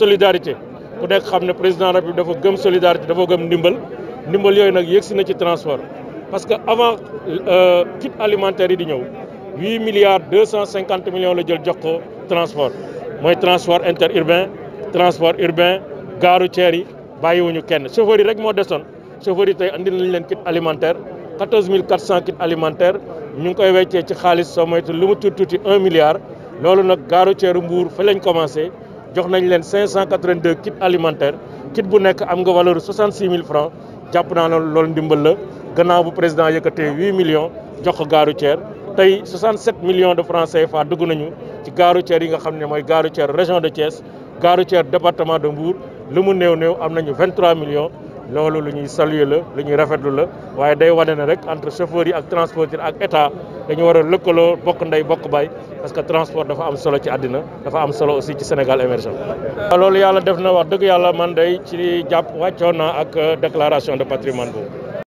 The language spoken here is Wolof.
solidarité ku le président président République dafa gëm solidarité dafa gëm ndimbal ndimbal transport parce que avant euh, kit alimentaire yi di milliards 250 millions de jël transport transport interurbain transport urbain gaaru ceer yi bàyyiwuñu kenn chauffeur yi rek chauffeur yi andi kit alimentaire 14400 alimentaire nous ngi koy un milliard loolu nag gaaru jox nañ 582 kits alimentaires kit bu nekk am nga valeur 66 000 francs jàpp naa loolu loolu ndimbal la bu président 8 millions jox ko 67 millions de francs CFA dugg nañu ci gaaru Thier yi nga région de Thiès, région de Thiès gaaru département de Mbour lu mu néew-néew am 23 millions. loolu lu ñuy saluer la lu ñuy rafetlu la waaye day wane ne entre chauffeurs yi ak transporteurs ak état dañu war a lëkkaloo bokk ndey bokk baay parce que transport dafa am solo ci àddina dafa am solo aussi ci Sénégal émergent loolu yàlla def na wax dëgg yàlla man dey ci jàpp wàccoon naa ak euh, déclaration de patrimoine boobu